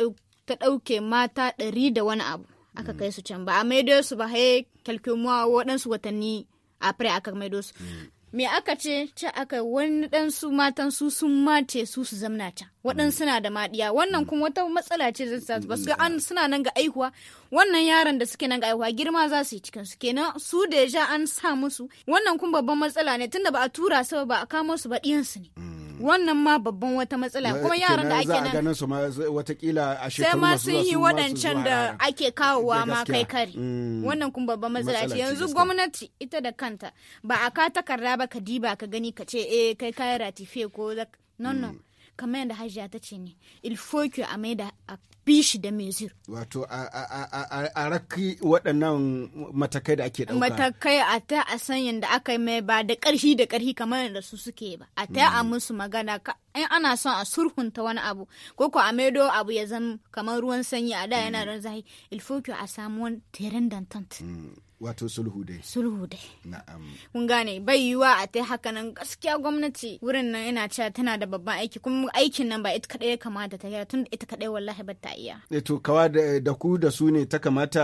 ɗauke mata ɗari da wani abu. Aka mm. kai su can ba a maido su ba hai kalkimowa waɗansu watanni a aka maido su. Mm. me aka ce ce aka wani dan su matan su sun mace su su zamna can waɗan mm. suna da maɗiya wannan kuma wata matsala ce zan sa ba su ga an suna nan ga aihuwa wannan yaran da suke nan ga aihuwa girma za su yi cikin su kenan su da ja an sa musu wannan kuma babban matsala ne tunda ba a tura su ba a kama su ba ɗiyan su ne wannan ma babban wata matsala kuma yaran da ake nan su sai ma sun yi waɗancan da ake kawowa ma kai kari mm. wannan kuma babban matsala ce yanzu gwamnati ita da kanta ba a ka takarda ba ka diba ka gani ka ce eh kai kayan ratife ko non non mm. kamar yadda hajiya ta ce ne que a maida da a bishi da mezir wato a raki waɗannan matakai da ake ɗauka matakai a ta a san yadda aka yi mai ba da ƙarfi da ƙarfi kamar yadda su suke ba a ta a hmm. musu magana in ana son a surhunta wani abu ko ko a maido abu ya zama kamar ruwan sanyi a da yana hmm. ran zahi que a samu wani teren dantant hmm. wato sulhu dai sulhu dai na'am kun gane bai yiwa a ta haka nan gaskiya gwamnati wurin nan ina cewa tana da babban aiki kuma aikin nan ba ita kadai ya kamata ta yi tun ita kadai wallahi ba ta iya eh to kawa da ku da su ne ta kamata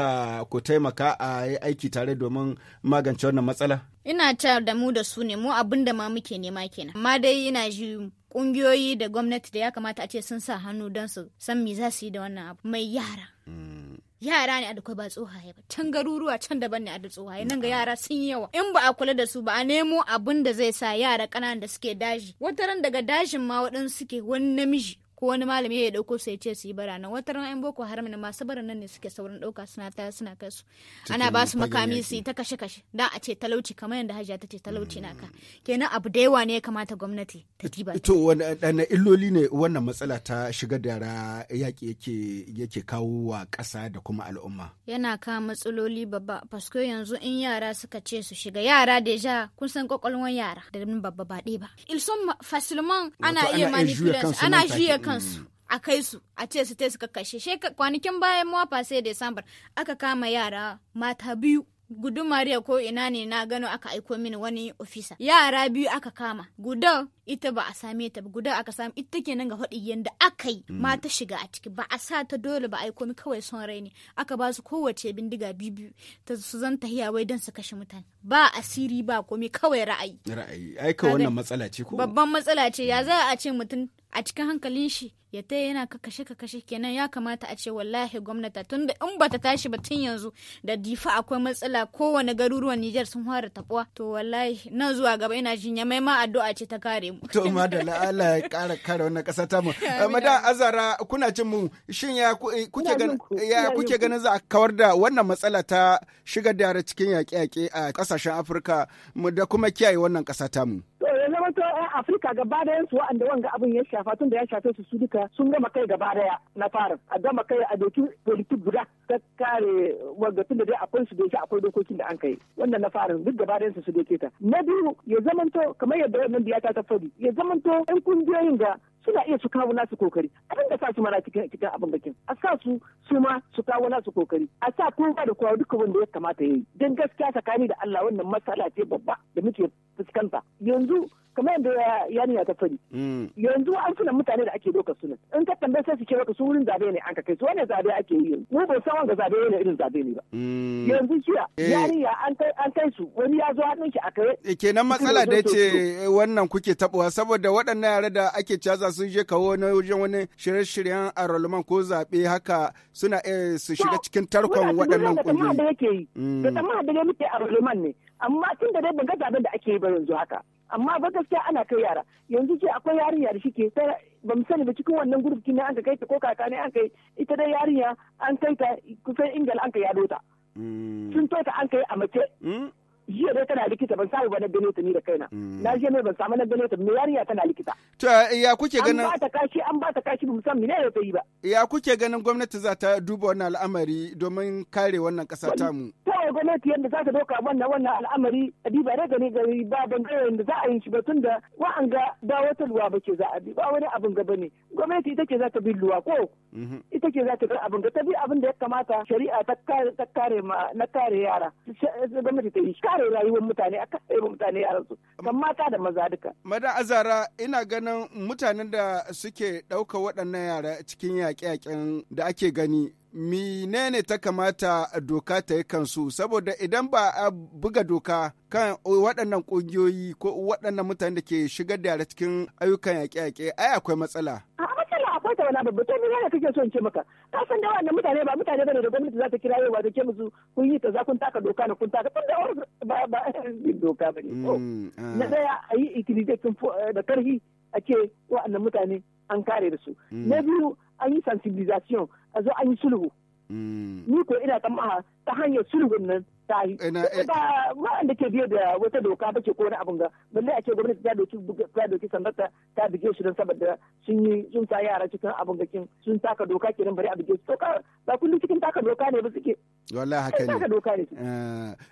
ku taimaka a yi aiki tare domin magance wannan matsala ina cewa da mu da su ne mu abin da ma muke nema kenan amma dai ina ji kungiyoyi da gwamnati da ya kamata a ce sun sa hannu don su san me za su yi da wannan abu mai yara mm. yara ne a da ba tsohaye ba can garuruwa can daban ne a da tsohaye nan ga yara sun yi yawa in ba a kula da su ba a nemo abin da zai sa yara ƙananan da suke daji wata ran daga dajin ma waɗansu suke wani namiji ko wani malami ya dauko sai ce su yi bara nan wata ran boko haram ne masu bara nan ne suke saurin dauka suna ta suna kai su ana ba su makami su yi ta kashe kashe da a ce talauci kamar yadda hajiya ta ce talauci na ka hmm. kenan abu da yawa ne ya kamata gwamnati ta diba to wani illoli ne wannan matsala ta shiga da yara yaki yake yake kawo wa ƙasa da kuma al'umma yana ka matsaloli babba fasko yanzu in yara suka ce su shiga yara deja kun san kwakwalwan yara da babba ba ɗaya ba ilson fasilman ana iya manipulation ana juya kansu mm. a kai su a ce su su kakkashe kwanakin bayan mawafa sai desambar aka kama yara mata biyu gudumariya ko ina ne na gano aka aiko mini wani ofisa yara biyu aka kama guda ita ba a same ta ba guda aka same ita kenan ga faɗi yadda aka yi mm. mata shiga a ciki ba a sa ta dole ba aiko mi kawai son rai ne aka ba su kowace bindiga biyu ta su zan tahiya wai don su kashe mutane ba asiri ba komai kawai ra'ayi ra'ayi aika wannan matsala ce ko babban matsala ce ya za a ce mutum a cikin hankalin shi ya taya yana kakashe kakashe kenan ya kamata a ce wallahi gwamnati tun da in bata tashi ba tun yanzu da difa akwai matsala kowane garuruwan Nijar sun fara tabuwa to wallahi nan zuwa gaba ina jin ya mai ma addu'a ce ta kare mu to madalla Allah ya kara kare wannan kasa ta mu [LAUGHS] madan azara kuna jin mu shin ya eh, kuke ya kuke ganin za a kawar da wannan matsala ta shigar da yara cikin yaƙe-yaƙe a kasashen Afirka mu da kuma kiyaye wannan kasa ta mu to 'yan Afirka gaba dayan su wa'anda wanga abin ya shafa tun da ya shafe su su duka sun gama kai gaba daya na fara a gama kai a doki politik guda ta kare wanga tun da dai akwai su doki akwai dokokin da an kai wannan na fara duk gaba dayan su su doke ta na biyu ya zamanto kamar yadda wannan biyata ta fadi ya zamanto 'yan kungiyoyin da suna iya su kawo nasu kokari a dinga sa su mana cikin cikin abin bakin a sa su su ma su kawo nasu kokari a sa kowa da kowa duka wanda ya kamata ya yi dan gaskiya tsakani da Allah wannan matsala ce babba da muke fuskanta yanzu kamar yadda da yarinya ta fari mm. yanzu an suna mutane da ake doka suna in ka tambaye sai su kira ka su wurin zabe ne an ka kai su wani zabe ake yi yanzu mu ba san wanda zabe ne irin zabe ne ba mm. yanzu jiya eh. yarinya an kai an kai su wani ya zo hannun shi a kare eh, kenan matsala da ce wannan kuke tabuwa saboda waɗannan yare da ake caza sun je kawo na wajen wani shirye-shiryen arolman ko zabe haka suna eh, su shiga cikin tarkon waɗannan ƙungiyoyi da yake yi da mm. tamma da muke arolman ne amma tun da dai ban ga zaben da ake yi ba yanzu haka amma ba gaskiya ana kai yara yanzu ce akwai yarinya da shike ta ba mu sani ba cikin wannan gurbi kina an kai ta ko kaka ne an kai ita dai yarinya an kai ta kusan ingila an kai yado ta mm. sun to tota an kai a mace mm. jiya dai tana likita ban samu ba na gano ta ni da kaina hmm. na je mai ban samu na gano ta me yarinya tana likita to ya kuke ganin an ba ta kashi an ba ta kashi ba musamman ne ta yi ba ya kuke ganin gwamnati za ta duba wannan al'amari domin kare wannan kasa ta mu to gwamnati yadda za ta doka wannan wannan al'amari diba da gani gari ba ban ga yadda za a yi shi ba tunda wa'anga dawatarwa ba ke za a bi ba wani abin gaba ne gwamnati ita ce za ta bi luwa ko mm-hmm. ita ce za ta bi abin ga ta bi abin da ya kamata shari'a ta kare ma na kare yara gwamnati ta yi kare rayuwar mutane a mutane a rasu kan mata da maza duka. Mada Azara ina ganin mutanen da suke ɗauka waɗannan yara cikin yaƙe-yaƙen da ake gani menene ta kamata doka ta yi kansu saboda idan ba a buga doka kan waɗannan ƙungiyoyi ko waɗannan mutane da ke shigar da yara cikin ayyukan yaƙe-yaƙe ai akwai matsala. ta wani abu to mina da kake so in ce maka ka san da wannan mutane ba mutane bane da gwamnati za ta kira yau ba ta ce musu kun yi kaza kun taka doka na kun taka tunda ba ba bin doka bane mm, oh, ah. na daya a yi itilizatin eh, da karhi a ce wa'annan mutane an kare da su mm. na biyu an yi sensibilisation a zo an yi sulhu mm. ni ko ina tsammaha ta hanyar sulhun nan ta yi eh, ba eh. wa'anda ke biye da wata doka ba ke ko wani abun ga balle a ce gwamnati ta doki ta doki sandarta ta bige shi don saboda sun yi sun sa yara cikin abin ga kin sun taka doka kenan bari a bige su doka ba kullum cikin taka doka ne ba suke wallahi haka ne taka doka ne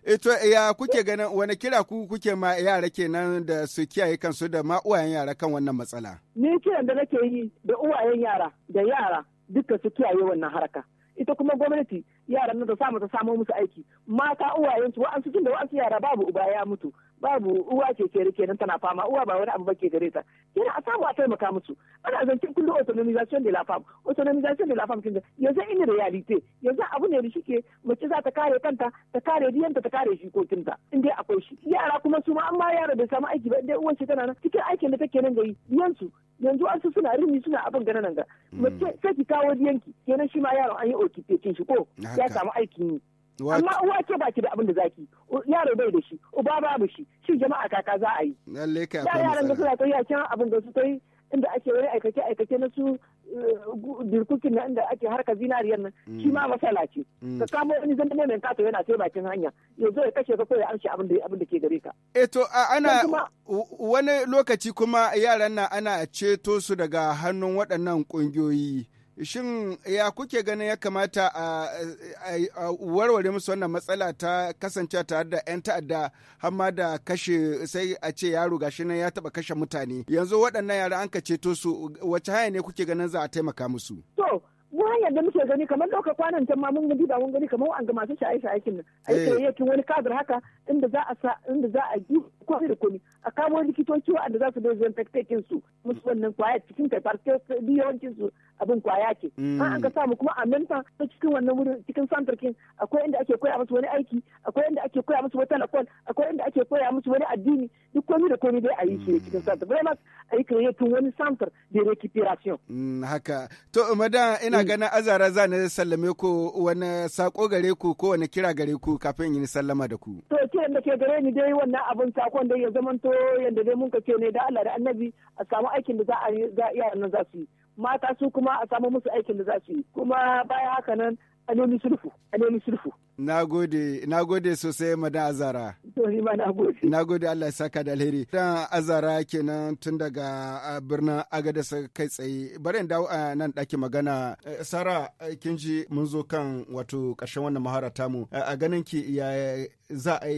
eh, eh ya kuke ganin wani kira ku kuke ma yara kenan da su kiyaye kansu da ma uwayen yara kan wannan matsala ni kiran da nake yi da uwayen yara da yara duka su kiyaye wannan haraka ita kuma gwamnati yaran nan da samu ta samo musu aiki mata uwayensu wa'ansu tun da wa'ansu yara babu uba ya mutu babu uwa ke kere kenan tana fama uwa ba wani abu ba ke gare ta kenan a samu a taimaka musu ana zancen kullum autonomisation de la femme autonomisation de la femme kinga yanzu in realite yanzu abu ne da shike mace za ta kare kanta ta kare diyanta ta kare jikokinta in dai akwai shi yara kuma su ma an ma yara bai samu aiki ba dai uwan shi tana nan cikin aikin da take nan gari diyansu yanzu an su suna rini suna abin gana nan ga hmm. mace sai ki kawo diyanki kenan shi ma yaron an yi okipecin shi ko ya samu aikin yi amma uwa ke baki da abin da zaki yaro bai da shi uba babu shi shi jama'a kaka za a yi lalle ka akwai yaran da suka kai yakin abin da su kai inda ake wani aikace aikace na su uh, dirkukin na inda ake harka zinariyar nan mm. shi ma masala ce mm. ka samu wani zan ne mai kato yana taimakin hanya yanzu ya kashe ka ko ya amshi abin da abin da ke gare ka eh to ana wani lokaci kuma yaran nan ana ceto su daga hannun waɗannan ƙungiyoyi Shin ya kuke ganin ya kamata a warware musu wannan matsala ta kasance tare da 'yan ta'adda hamma da kashe sai a ce yaro gashi nan ya taba kashe mutane. Yanzu waɗannan yara an ka ceto su wace haya ne kuke ganin za a taimaka musu? To, hanyar da muke gani kamar ɗaukar kwanan can ma mun ba mun gani kamar an ga masu shaye aikin nan. Aikin eh. wani kadar haka inda za a inda za a komai da komi a kamo likitoci waɗanda za su zo zan tattakin su musu wannan kwaya cikin kai farce yawancin su abin kwaya ce mm. an ka samu kuma a menta ta cikin wannan wurin cikin santarkin akwai inda ake koya musu wani aiki akwai inda ake koya musu wata lakon akwai inda ake koya musu wani addini duk komi da komi dai a yi shi cikin santar vraiment a yi tun wani santar da recuperation. Mm, haka to madan ina mm. ganin azara za na sallame ko wani sako gare ku ko wani kira gare ku kafin yin sallama da ku. to kiran da ke gare ni dai wannan abin sako farkon dai ya zamanto yadda dai mun ce ne da Allah da annabi a samu aikin da za a yi yaran nan za su yi mata su kuma a samu musu aikin da za su yi kuma baya haka nan a nemi sulfu a nemi sulfu Na gode, na gode sosai madan Azara. Na gode Allah ya saka da alheri. Dan Azara kenan tun daga birnin sa kai tsaye. Bari dawo a nan ɗaki magana. Eh, Sara eh, kin ji mun zo kan wato ƙarshen wannan mahara tamu. Eh, a ganin ki za a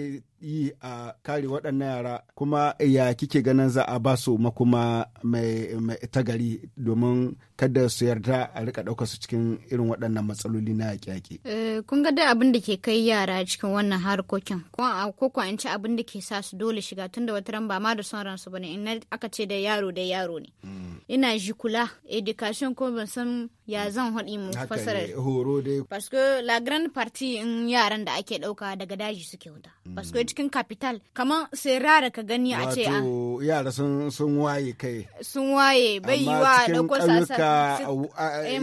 yi a kare waɗannan yara kuma ya kike ganin za a ba su makuma mai, tagari domin kada su yarda a rika ɗauka su cikin irin waɗannan matsaloli na yaƙi-yaƙi. Eh, kun ga da abin da ke kai yara cikin wannan harkokin ko koko an ci abin da ke sa su dole shiga tun da wata ran ba ma da son ransu bane in aka ce da yaro da yaro ne. Hmm. Ina Ina jikula education ko ban san ya hmm. zan haɗi mu fasarar horo dai parce que la grande partie in yaran da ake ɗauka daga daji suke wuta hmm. parce que cikin capital kaman sai rara ka gani a ce an yara sun sun waye kai sun waye bai yi wa da sasa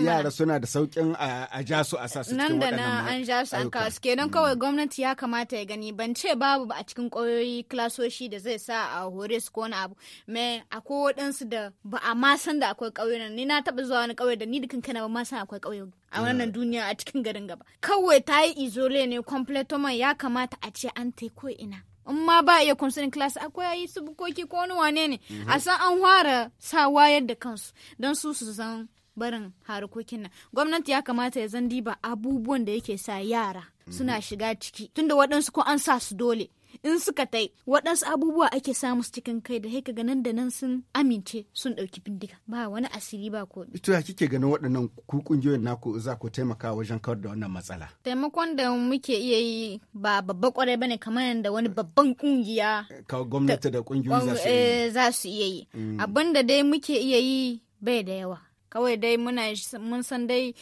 yara suna da saukin a ja su a sasa nan da nan an ja su an kawo kenan hmm. kawai gwamnati ya kamata ya gani ban ce babu ba a cikin ƙwayoyi klasoshi da zai sa a hore su ko wani abu me akwai waɗansu da ba a ma san da akwai ƙauyen ni na taɓa zuwa wani ƙauye da ni da kankana Ghana ba akwai ƙauye a wannan duniya a cikin garin gaba. Kawai ta yi izole ne kwamfletoman ya kamata a ce an tai ko ina. in ma ba iya counseling class akwai yi su bukoki ko wani wane ne mhm. a san an fara sa wayar da kansu don su su san barin harkokin nan gwamnati ya kamata ya zan diba abubuwan da yake sa yara mhm. suna shiga ciki tunda waɗansu ko an sa su dole in suka tai waɗansu abubuwa ake samu su cikin kai da haika ganin da nan sun amince sun ɗauki bindiga ba wani asiri ba ko ito ya kike ganin waɗannan ku kungiyoyin naku za ku taimaka wajen kawar da wannan matsala taimakon da muke iya yi ba babba kwarai bane kamar da wani babban kungiya eh, ka gwamnati da kungiyoyi za su iya yi eh, mm. abinda dai muke iya yi bai da yawa kawai dai muna mun san dai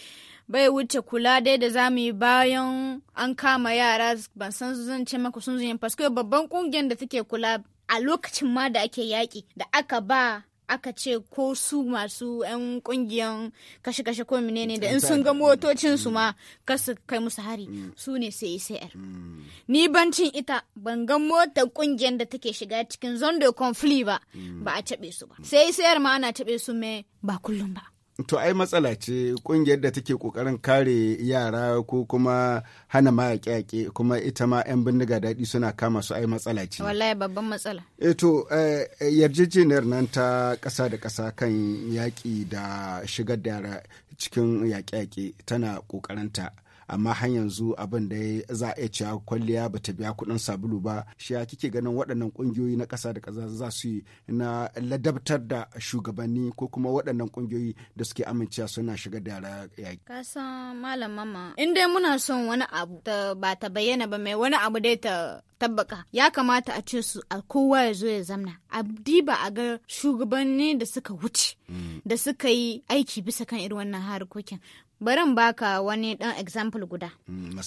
bai wuce kula dai da zamu yi bayan an kama yara ban san zan ce maka sun zuyin paske babban kungiyar da take kula a lokacin ma da ake yaƙi da aka ba aka ce ko su masu 'yan kungiyan kashe-kashe ko menene da in sun ga motocin mm. su ma kasu kai musu hari mm. su ne sai sayar mm. ni bancin ita ban ga motar kungiyan da take shiga cikin zondo konfli ba ba a taɓe su ba sai sayar ma ana taɓe su mai ba kullum ba to ai matsala ce kungiyar da take kokarin kare yara ko kuma hana ma yaƙe kuma ita ma 'yan bindiga daɗi suna kama su ai matsala ce wallahi babban matsala E to eh, yarjejeniyar nan ta ƙasa da ƙasa kan yaƙi da shigar da yara cikin yaƙe-yaƙe tana ƙoƙarinta amma har yanzu abin da za a iya cewa kwalliya ba ta biya kuɗin sabulu ba shi ya kike ganin waɗannan ƙungiyoyi na ƙasa da ƙasa za su yi na ladabtar da shugabanni ko kuma waɗannan ƙungiyoyi da suke amincewa suna shiga da yara yaƙi. ka san malam mama in dai muna son wani abu ta ba ta bayyana ba mai wani abu dai ta tabbaka ya kamata a ce su a kowa ya zo ya zamna a diba a ga shugabanni da suka wuce mm. da suka yi aiki bisa kan irin wannan harkokin barin baka wani dan example guda mm,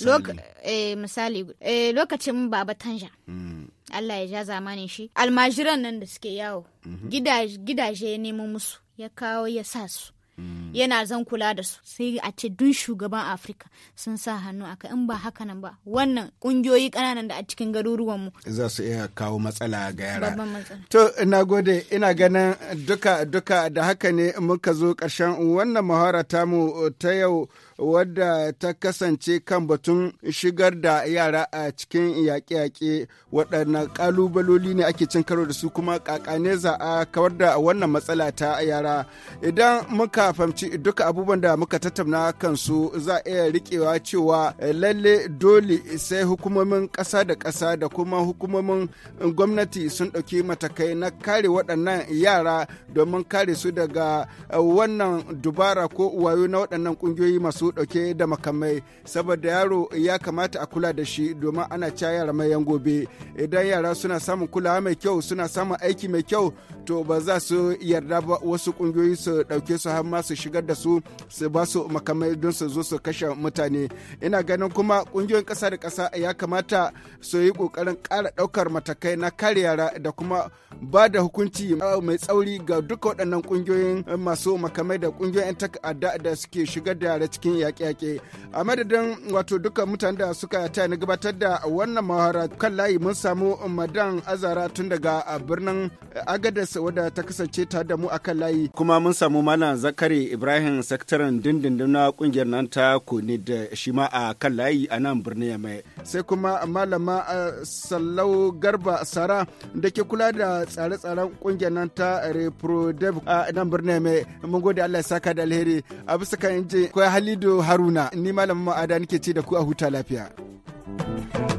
misali eh, eh, lokacin baba tanja mm. Allah ya ja zamanin shi almajiran nan da suke yawo mhm. gidaje nemo musu ya kawo ya sa su Mm. yana zan kula da su sai a ce dun shugaban afirka sun sa hannu aka in ba haka nan ba wannan kungiyoyi kananan da a cikin garuruwan mu za su iya kawo matsala ga yara to ina gode ina ganin duka duka da haka ne muka zo ƙarshen wannan muhawara tamu ta yau wadda ta kasance kan batun shigar da yara a cikin yaƙe-yaƙe waɗannan ƙalubaloli ne ake cin karo da su kuma ƙaƙane za a kawar da wannan matsala ta yara idan muka fahimci duka abubuwan da muka tattauna kansu za a iya riƙewa cewa lalle dole sai hukumomin ƙasa da ƙasa da kuma hukumomin gwamnati sun ɗauki matakai na kare waɗannan yara domin kare su daga wannan dubara ko wayo na waɗannan ƙungiyoyi masu dauke da makamai saboda yaro ya kamata a kula da shi domin ana ca yara mai yan gobe idan yara suna samun kulawa mai kyau suna samun aiki mai kyau to ba za su yarda ba wasu ƙungiyoyi su ɗauke su har ma su shigar da su su ba su makamai don su zo su kashe mutane ina ganin kuma ƙungiyoyin kasa da kasa ya kamata su yi ƙoƙarin ƙara ɗaukar matakai na kare yara da kuma ba da hukunci mai tsauri ga duka waɗannan ƙungiyoyin masu makamai da ƙungiyoyin ta'adda da suke shigar da yara cikin yaƙe-yaƙe a madadin wato duka mutanen da suka ta ni gabatar da wannan mahara kan layi mun samu madan azara tun daga birnin eh, agadas wadda ta kasance ta da mu a kan layi kuma mun samu malam zakari ibrahim sakataren dindindin na kungiyar nan ta kone eh, da shi ma a kan layi a nan birnin mai sai kuma malama eh, sallau garba sara da ke kula da tsare-tsaren kungiyar nan ta reprodev a nan birnin mai mun gode allah ya saka da alheri a bisa kan inji ko halidu Abdu Haruna, ni malamin ma'ada nake ce da ku a huta lafiya.